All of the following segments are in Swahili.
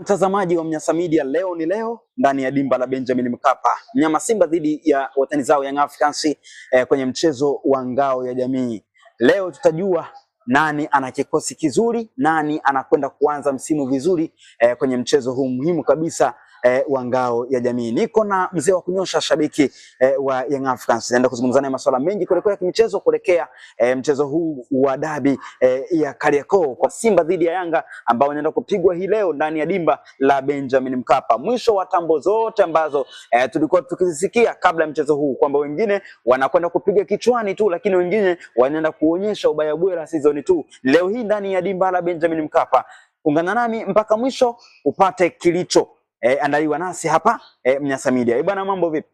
Mtazamaji wa Mnyasa Media, leo ni leo ndani ya dimba la Benjamin Mkapa, mnyama Simba dhidi ya watani zao Young Africans eh, kwenye mchezo wa ngao ya jamii. Leo tutajua nani ana kikosi kizuri, nani anakwenda kuanza msimu vizuri eh, kwenye mchezo huu muhimu kabisa e, wa ngao ya jamii. Niko na mzee wa kunyosha shabiki e, wa Young Africans. Naenda kuzungumzana na masuala mengi kule kuelekea kimchezo eh, kuelekea e, mchezo huu wa dabi e, ya Kariakoo kwa Simba dhidi ya Yanga ambao wanaenda kupigwa hii leo ndani ya dimba la Benjamin Mkapa. Mwisho wa tambo zote ambazo e, tulikuwa tukizisikia kabla ya mchezo huu kwamba wengine wanakwenda kupiga kichwani tu, lakini wengine wanaenda kuonyesha ubaya bwela season 2. Leo hii ndani ya dimba la Benjamin Mkapa. Ungana nami mpaka mwisho upate kilicho eh, andaliwa nasi hapa eh, Mnyasa Media. Eh, bwana mambo vipi?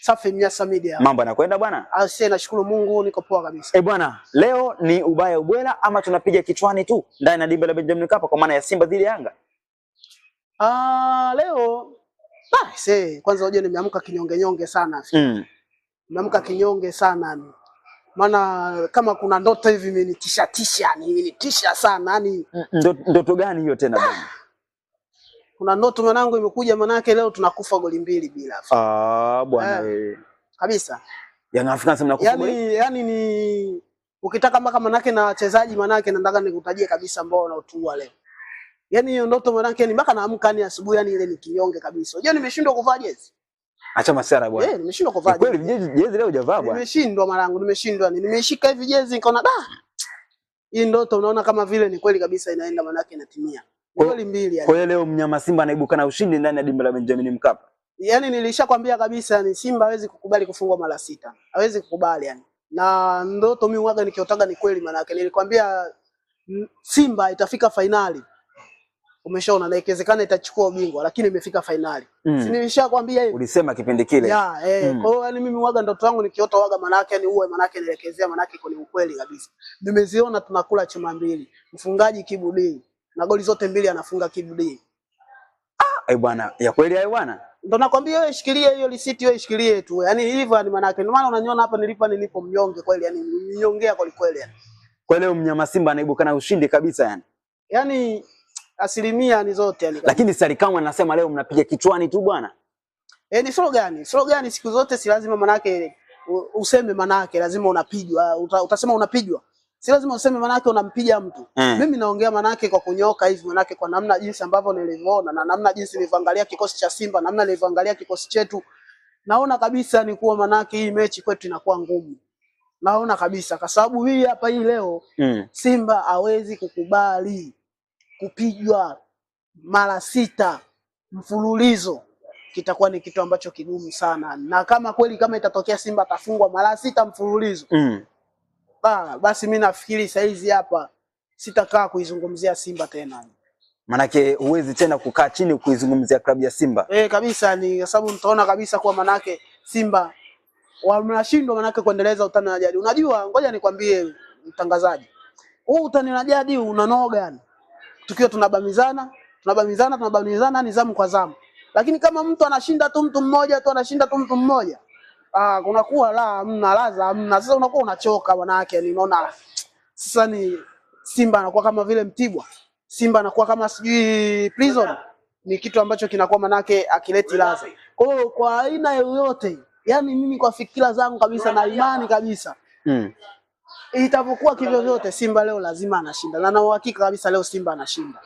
Safi Mnyasa Media. Mambo yanakwenda bwana? Ah, Asante, nashukuru Mungu niko poa kabisa. Eh, bwana, leo ni ubaya ubwela ama tunapiga kichwani tu ndani na dimba la Benjamin Mkapa kwa maana ya Simba dhidi ya Yanga? Ah, leo ah, se kwanza unajua nimeamka kinyonge nyonge sana. Mm. Nimeamka kinyonge sana. Maana kama kuna ndoto hivi imenitisha tisha, imenitisha sana. Yaani ndoto gani hiyo tena bwana? Ah, kuna ndoto mwanangu imekuja, manake leo tunakufa goli mbili bila. Ah bwana eh, kabisa, Young Africans sema nakufa yani, yani ni ukitaka mpaka manake na wachezaji manake nataka nikutajie kabisa ambao wanaotua leo. Yaani hiyo ndoto manake ni mpaka naamka ni asubuhi yani ile ni kinyonge kabisa. Unajua nimeshindwa kuvaa jezi. Acha masara bwana. Eh, nimeshindwa kuvaa jezi. Kweli jezi jezi leo hujavaa bwana. Nimeshindwa marangu, nimeshindwa ni nimeshika hivi jezi nikaona da. Hii ndoto unaona kama vile ni kweli kabisa inaenda manake inatimia goli mbili. Kwa hiyo leo mnyama Simba anaibuka na ushindi ndani ya dimba la Benjamin Mkapa. Yaani nilishakwambia kabisa, ni Simba hawezi kukubali kufungwa mara sita, hawezi kukubali yani, na ndoto mimi waga nikiotaga ni kweli, maana yake nilikwambia Simba itafika fainali, umeshaona, na ikiwezekana itachukua ubingwa, lakini imefika fainali mm. si nilishakwambia hiyo. ulisema kipindi kile ya eh mm. kwa hiyo yani mimi waga ndoto yangu nikiota waga, maana yake ni uwe, maana yake nielekezea, maana yake ni ukweli kabisa. Nimeziona tunakula chuma mbili, mfungaji kibudii na goli zote mbili anafunga kibdi. Ah, ai eh, bwana, ya kweli ai bwana. Ndio nakwambia wewe shikilie hiyo risiti wewe shikilie tu. Yaani hivyo ni maana yake. Ndio maana unaniona hapa nilipa nilipo yaani mnyonge kweli yani mnyongea kwa kweli yani. Kwa leo mnyama Simba anaibuka na ushindi kabisa yani. Yaani asilimia ni zote yani. Lakini Salikamwe anasema leo mnapiga kichwani tu bwana. Eh, ni slogan gani? Slogan gani siku zote si lazima maana yake useme maana yake lazima unapigwa. Uta, utasema unapigwa si lazima useme manake unampiga mtu mm. Mimi naongea manake kwa kunyoka hivi, manake kwa namna jinsi ambavyo nilivyoona na namna jinsi nilivyoangalia kikosi cha Simba, namna nilivyoangalia kikosi chetu, naona kabisa ni kuwa manake hii mechi kwetu inakuwa ngumu, naona kabisa kwa sababu hii hapa hii leo mm. Simba hawezi kukubali kupigwa mara sita mfululizo kitakuwa ni kitu ambacho kigumu sana, na kama kweli kama itatokea Simba atafungwa mara sita mfululizo mm. Ba, basi mimi nafikiri saizi hapa sitakaa kuizungumzia Simba tena. Manake huwezi tena kukaa chini kuizungumzia klabu ya Simba. Eh, kabisa ni kwa sababu mtaona kabisa kwa manake Simba wanashindwa manake kuendeleza utani na jadi. Unajua, ngoja nikwambie mtangazaji. Huu utani na jadi unanoga. Tukiwa tunabamizana, tunabamizana, tunabamizana ni zamu kwa zamu. Lakini kama mtu anashinda tu mtu mmoja tu anashinda tu mtu mmoja ah, unakuwa la mna laza mna Sasa unakuwa unachoka wanawake, yani unaona sasa ni Simba anakuwa kama vile Mtibwa, Simba anakuwa kama sijui prison, ni kitu ambacho kinakuwa manake akileti laza. Kwa hiyo kwa aina yoyote, yani mimi kwa fikira zangu kabisa na imani kabisa mm. Itavyokuwa kivyovyote Simba leo lazima anashinda, na na uhakika kabisa leo Simba anashinda.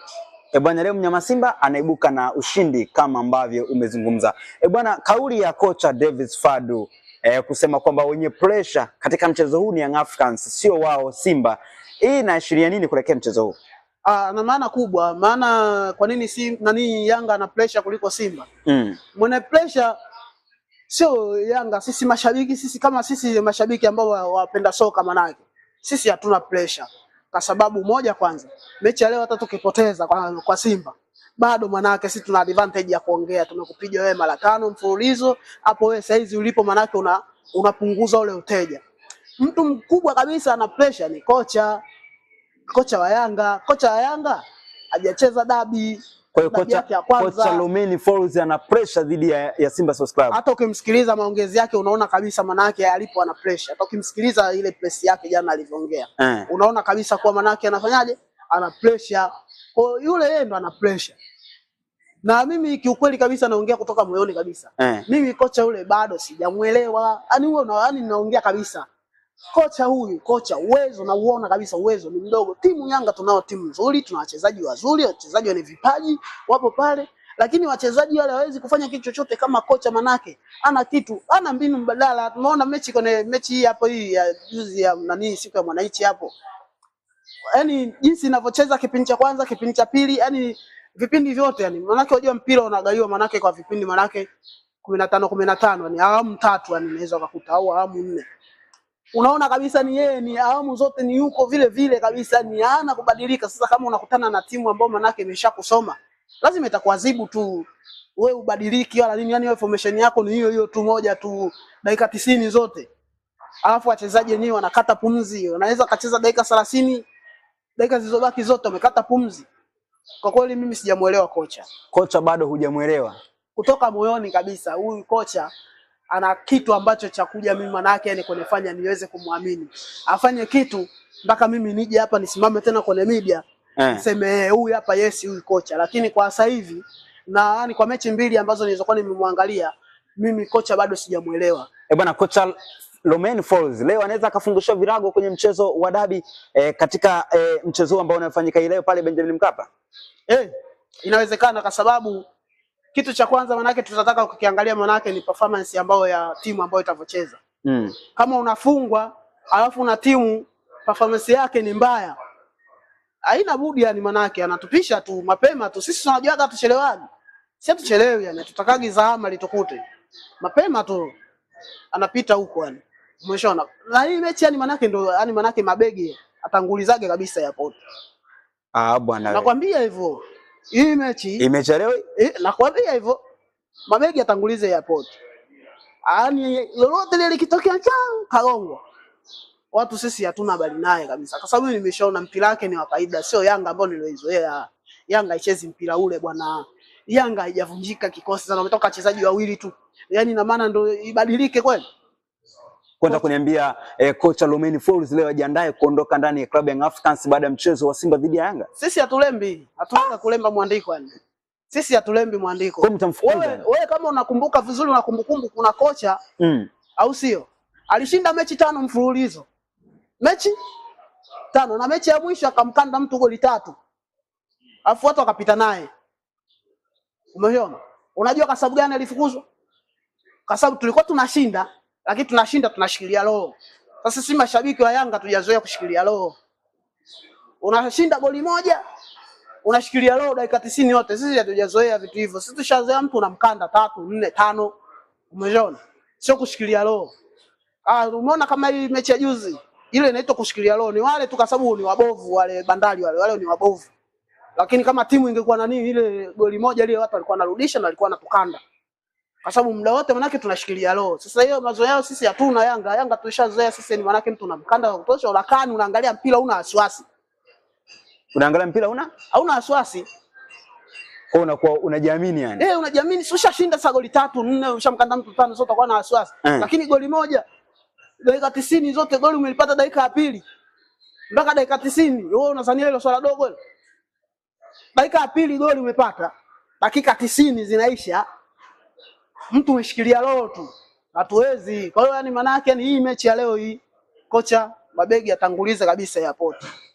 E bwana, leo mnyama Simba anaibuka na ushindi kama ambavyo umezungumza. E bwana, kauli ya kocha Davis Fadu e, kusema kwamba wenye pressure katika mchezo huu ni Young Africans, sio wao Simba, hii inaashiria nini kuelekea mchezo huu? Ah, na maana kubwa. Maana kwa nini si nani Yanga ana pressure kuliko Simba? Mm. Mwenye pressure sio Yanga, sisi mashabiki, sisi kama sisi mashabiki ambao wapenda soka, manake sisi hatuna pressure. Kwa sababu moja, kwanza mechi ya leo hata tukipoteza kwa, kwa Simba bado manake sisi tuna advantage ya kuongea. Tumekupiga wewe mara tano mfululizo hapo, wewe saizi ulipo manake una, unapunguza ule uteja. Mtu mkubwa kabisa ana pressure ni kocha, kocha wa Yanga, kocha wa Yanga hajacheza dabi kwa hiyo kocha kocha Lumini Falls ana pressure dhidi ya, ya Simba Sports Club. Hata ukimsikiliza maongezi yake unaona kabisa manake alipo ana pressure. Hata ukimsikiliza ile press yake jana alivyoongea. Eh. Unaona kabisa kuwa manake anafanyaje? Ana pressure. Kwa yule yeye ndo ana pressure. Na mimi kiukweli kabisa naongea kutoka moyoni kabisa. Eh. Mimi kocha yule bado sijamuelewa. Yaani huo yaani naongea kabisa. Kocha huyu kocha, uwezo na uona kabisa, uwezo ni mdogo. Timu Yanga tunao timu nzuri, tuna wachezaji wazuri, wachezaji wenye vipaji wapo pale, lakini wachezaji wale hawezi kufanya kitu chochote kama kocha, manake ana kitu, ana mbinu mbadala. Tumeona mechi kwenye mechi hii hapo hii ya juzi ya nani, siku ya mwananchi hapo, yani jinsi inavyocheza kipindi cha kwanza, kipindi cha pili, yani vipindi vyote, yani manake unajua mpira unagaiwa manake kwa vipindi, manake 15 15, yani awamu tatu, yani inaweza kukuta au awamu nne unaona kabisa ni yeye ni awamu zote ni yuko vile vile kabisa, ni ana kubadilika. Sasa kama unakutana na timu ambayo manake imesha kusoma, lazima itakuadhibu tu, we ubadiliki wala nini, yani wewe formation yako ni hiyo hiyo tu moja tu dakika tisini zote, alafu wachezaji wenyewe wanakata pumzi. Wanaweza kacheza dakika 30, dakika zilizobaki zote wamekata pumzi. Kwa kweli mimi sijamuelewa kocha. Kocha bado hujamuelewa kutoka moyoni kabisa huyu kocha ana kitu ambacho cha kuja mimi manake ni kunifanya niweze kumwamini. Afanye kitu mpaka mimi nije hapa nisimame tena kwenye media eh. niseme eh, huyu hapa yes, huyu kocha. Lakini kwa sasa hivi na ni kwa mechi mbili ambazo nilizokuwa nimemwangalia mimi kocha bado sijamuelewa. Eh, bwana kocha Romain Folz leo anaweza akafungusha virago kwenye mchezo wa dabi eh, katika eh, mchezo ambao unafanyika leo pale Benjamin Mkapa. Eh, inawezekana kwa sababu kitu cha kwanza manake tutataka kukiangalia manake ni performance ambayo ya timu ambayo itavyocheza. Mm. Kama unafungwa alafu na timu performance yake ni mbaya. Haina budi yani manake anatupisha tu mapema tu. Sisi tunajua hata tuchelewaje. Si hatuchelewi yani tutakagi zahama litukute. Mapema tu anapita huko yani. Umeshaona. Na hii mechi yani manake ndio yani manake mabegi atangulizage kabisa ya poto. Ah bwana. Nakwambia hivyo. Hii mechi imechelewa, eh, nakwambia hivyo. Mamegi atangulize airport, yaani lolote lile likitokea cha Kalongo, watu sisi hatuna habari naye kabisa, kwa sababu nimeshaona mpira wake ni wa kawaida, sio Yanga ambayo nilioizoea. Yanga haichezi mpira ule bwana. Yanga haijavunjika kikosi sana, wametoka wachezaji wawili tu, yaani na maana ndo ibadilike kweli kwenda kuniambia eh, kocha Lomeni Falls leo ajiandae kuondoka ndani ya klabu ya Africans baada ya mchezo wa Simba dhidi ya Yanga. Sisi hatulembi, hatuweza kulemba mwandiko yani. Sisi hatulembi mwandiko. Kwa Wewe, wewe kama unakumbuka vizuri na kumbukumbu kuna kocha mm. au sio? Alishinda mechi tano mfululizo. Mechi tano na mechi ya mwisho akamkanda mtu goli tatu. Alafu watu wakapita naye. Umeona? Unajua kwa sababu gani alifukuzwa? Kwa sababu tulikuwa tunashinda lakini tunashinda, tunashikilia roho. Sasa si mashabiki wa Yanga tujazoea kushikilia roho, unashinda goli moja unashikilia roho dakika 90 yote. Sisi hatujazoea vitu hivyo, sisi tushazoea mtu unamkanda tatu nne tano, umeona? Sio kushikilia roho. Ah, umeona kama hii mechi ya juzi ile inaitwa kushikilia roho, ni wale tu, kwa sababu ni wabovu wale bandari wale wale ni wabovu, lakini kama timu ingekuwa na nini, ile goli moja ile watu walikuwa wanarudisha na walikuwa wanatukanda kwa sababu muda wote manake tunashikilia roho. Sasa hiyo mazoea yao sisi hatuna. Yanga Yanga tulishazoea sisi, ni manake mtu unamkanda wa kutosha, ulakani unaangalia mpira una wasiwasi, unaangalia mpira una hauna wasiwasi kwa hiyo unakuwa unajiamini yani, eh, unajiamini. Si ushashinda sasa goli tatu nne, ushamkanda mtu tano, sio utakuwa na wasiwasi eh. Lakini goli moja dakika 90 zote goli umelipata dakika ya pili mpaka dakika 90 wewe unazania hilo swala dogo. Dakika ya pili goli umepata, dakika 90 zinaisha mtu umeshikilia roho tu, hatuwezi. Kwa hiyo yani maana yake ni hii mechi ya leo hii kocha mabegi atanguliza kabisa ya